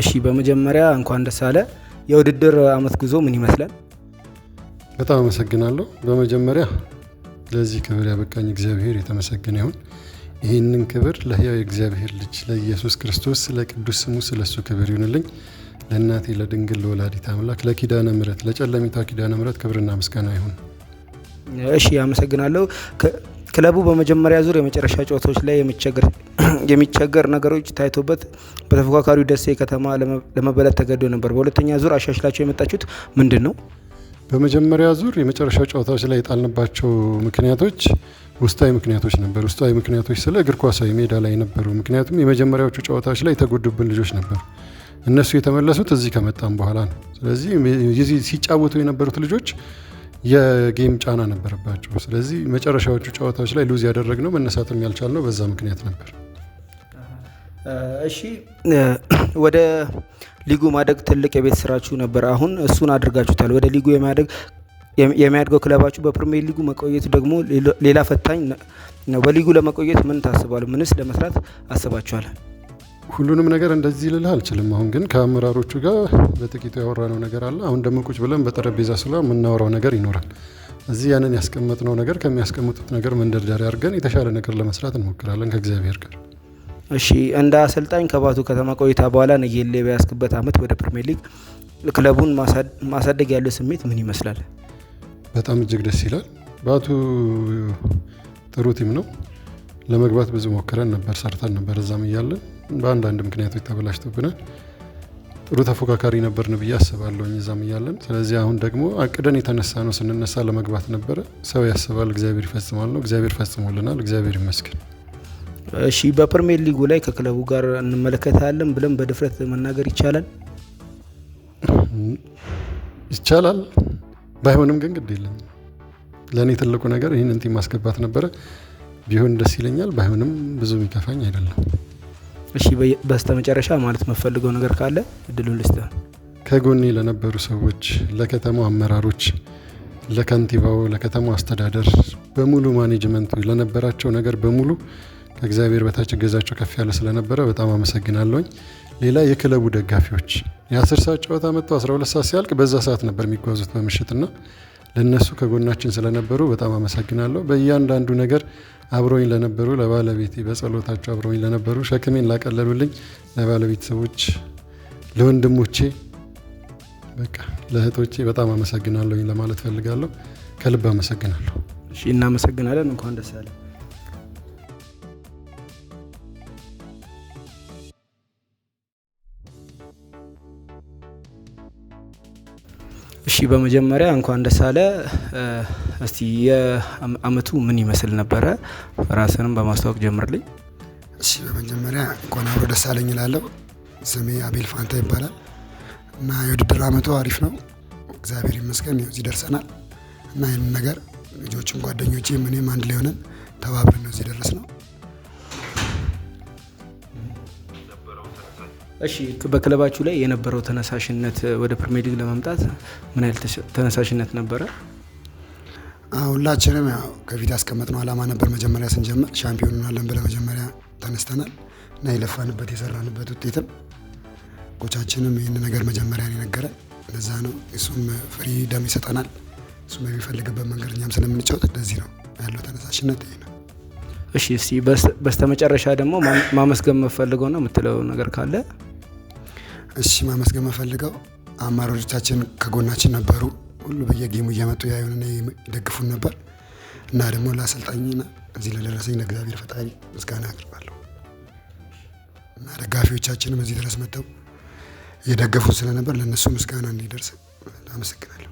እሺ በመጀመሪያ እንኳን ደስ አለ። የውድድር አመት ጉዞ ምን ይመስላል? በጣም አመሰግናለሁ። በመጀመሪያ ለዚህ ክብር ያበቃኝ እግዚአብሔር የተመሰገነ ይሁን። ይህንን ክብር ለህያው የእግዚአብሔር ልጅ ለኢየሱስ ክርስቶስ ለቅዱስ ስሙ ስለሱ ክብር ይሁንልኝ። ለእናቴ ለድንግል ለወላዲት አምላክ ለኪዳነ ምሕረት ለጨለሚቷ ኪዳነ ምሕረት ክብርና ምስጋና ይሁን። እሺ አመሰግናለሁ። ክለቡ በመጀመሪያ ዙር የመጨረሻ ጨዋታዎች ላይ የሚቸገር ነገሮች ታይቶበት በተፎካካሪው ደሴ ከተማ ለመበለት ተገዶ ነበር። በሁለተኛ ዙር አሻሽላቸው የመጣችሁት ምንድን ነው? በመጀመሪያ ዙር የመጨረሻው ጨዋታዎች ላይ የጣልንባቸው ምክንያቶች ውስጣዊ ምክንያቶች ነበር ውስጣዊ ምክንያቶች ስለ እግር ኳሳዊ ሜዳ ላይ ነበሩ። ምክንያቱም የመጀመሪያዎቹ ጨዋታዎች ላይ የተጎዱብን ልጆች ነበር። እነሱ የተመለሱት እዚህ ከመጣም በኋላ ነው። ስለዚህ ሲጫወቱ የነበሩት ልጆች የጌም ጫና ነበረባቸው። ስለዚህ መጨረሻዎቹ ጨዋታዎች ላይ ሉዝ ያደረግነው መነሳትም ያልቻልነው በዛ ምክንያት ነበር። እሺ ወደ ሊጉ ማደግ ትልቅ የቤት ስራችሁ ነበር። አሁን እሱን አድርጋችሁታል። ወደ ሊጉ የማደግ የሚያድገው ክለባችሁ በፕሪሚየር ሊጉ መቆየት ደግሞ ሌላ ፈታኝ ነው። በሊጉ ለመቆየት ምን ታስባሉ? ምንስ ለመስራት አስባችኋል? ሁሉንም ነገር እንደዚህ ልልህ አልችልም። አሁን ግን ከአመራሮቹ ጋር በጥቂቱ ያወራነው ነገር አለ። አሁን ደግሞ ቁጭ ብለን በጠረጴዛ ስለ የምናወራው ነገር ይኖራል። እዚህ ያንን ያስቀመጥነው ነገር ከሚያስቀምጡት ነገር መንደርደሪያ አድርገን የተሻለ ነገር ለመስራት እንሞክራለን ከእግዚአብሔር ጋር እሺ እንደ አሰልጣኝ ከባቱ ከተማ ቆይታ በኋላ ነጌሌ በያስክበት አመት ወደ ፕሪሚየር ሊግ ክለቡን ማሳደግ ያለው ስሜት ምን ይመስላል? በጣም እጅግ ደስ ይላል። ባቱ ጥሩ ቲም ነው። ለመግባት ብዙ ሞክረን ነበር፣ ሰርተን ነበር እዛም እያለን በአንዳንድ ምክንያቶች ተበላሽቶብናል። ጥሩ ተፎካካሪ ነበርን ብዬ አስባለሁ እዛም እያለን። ስለዚህ አሁን ደግሞ አቅደን የተነሳ ነው። ስንነሳ ለመግባት ነበረ። ሰው ያስባል፣ እግዚአብሔር ይፈጽማል ነው። እግዚአብሔር ፈጽሞልናል። እግዚአብሔር ይመስገን። እሺ በፕሪሚየር ሊጉ ላይ ከክለቡ ጋር እንመለከታለን ብለን በድፍረት መናገር ይቻላል? ይቻላል። ባይሆንም ግን ግድ የለም። ለእኔ ትልቁ ነገር ይህንን ቲም ማስገባት ነበረ። ቢሆን ደስ ይለኛል፣ ባይሆንም ብዙ የሚከፋኝ አይደለም። እሺ በስተ መጨረሻ ማለት መፈልገው ነገር ካለ እድሉን ልስተ ከጎኔ ለነበሩ ሰዎች፣ ለከተማው አመራሮች፣ ለከንቲባው፣ ለከተማው አስተዳደር በሙሉ ማኔጅመንቱ ለነበራቸው ነገር በሙሉ ከእግዚአብሔር በታች እገዛቸው ከፍ ያለ ስለነበረ በጣም አመሰግናለሁኝ። ሌላ የክለቡ ደጋፊዎች የአስር ሰዓት ጨዋታ መጥተው 12 ሰዓት ሲያልቅ በዛ ሰዓት ነበር የሚጓዙት በምሽትና ለእነሱ ከጎናችን ስለነበሩ በጣም አመሰግናለሁ። በእያንዳንዱ ነገር አብረኝ ለነበሩ ለባለቤቴ፣ በጸሎታቸው አብረኝ ለነበሩ፣ ሸክሜን ላቀለሉልኝ ለባለቤተሰቦች፣ ለወንድሞቼ፣ በቃ ለእህቶቼ በጣም አመሰግናለሁኝ ለማለት ፈልጋለሁ። ከልብ አመሰግናለሁ። እሺ፣ እናመሰግናለን። እንኳን ደስ ያለን። እሺ በመጀመሪያ እንኳን ደስ አለ። እስቲ የአመቱ ምን ይመስል ነበረ? ራስንም በማስተዋወቅ ጀምርልኝ። እሺ በመጀመሪያ እንኳን አብሮ ደስ አለኝ እላለሁ። ስሜ አቤል ፋንታ ይባላል እና የውድድር አመቱ አሪፍ ነው፣ እግዚአብሔር ይመስገን እዚህ ደርሰናል እና ይህንን ነገር ልጆችን ጓደኞቼ ምንም አንድ ላይ ሆነን ተባብረን ነው እዚህ ነው እሺ በክለባችሁ ላይ የነበረው ተነሳሽነት ወደ ፕሪሚየር ሊግ ለመምጣት ምን ያህል ተነሳሽነት ነበረ? ሁላችንም ያው ከፊት ያስቀመጥነው አላማ ነበር። መጀመሪያ ስንጀምር ሻምፒዮን እንሆናለን ብለን መጀመሪያ ተነስተናል እና የለፋንበት የሰራንበት ውጤትም ኮቻችንም ይህን ነገር መጀመሪያ የነገረ ለዛ ነው። እሱም ፍሪ ደም ይሰጠናል። እሱም የሚፈልግበት መንገድ እኛም ስለምንጫወት ለዚህ ነው ያለው ተነሳሽነት ይህ ነው። እሺ እስቲ በስተመጨረሻ ደግሞ ማመስገን መፈልገው ነው የምትለው ነገር ካለ እሺ ማመስገን የምፈልገው አማራጮቻችን ከጎናችን ነበሩ። ሁሉ በየጌሙ እየመጡ ያዩን ይደግፉን ነበር እና ደግሞ ለአሰልጣኝና እዚህ ለደረሰኝ ለእግዚአብሔር ፈጣሪ ምስጋና አቅርባለሁ እና ደጋፊዎቻችንም እዚህ ድረስ መጥተው እየደገፉን ስለነበር ለእነሱ ምስጋና እንዲደርስ አመሰግናለሁ።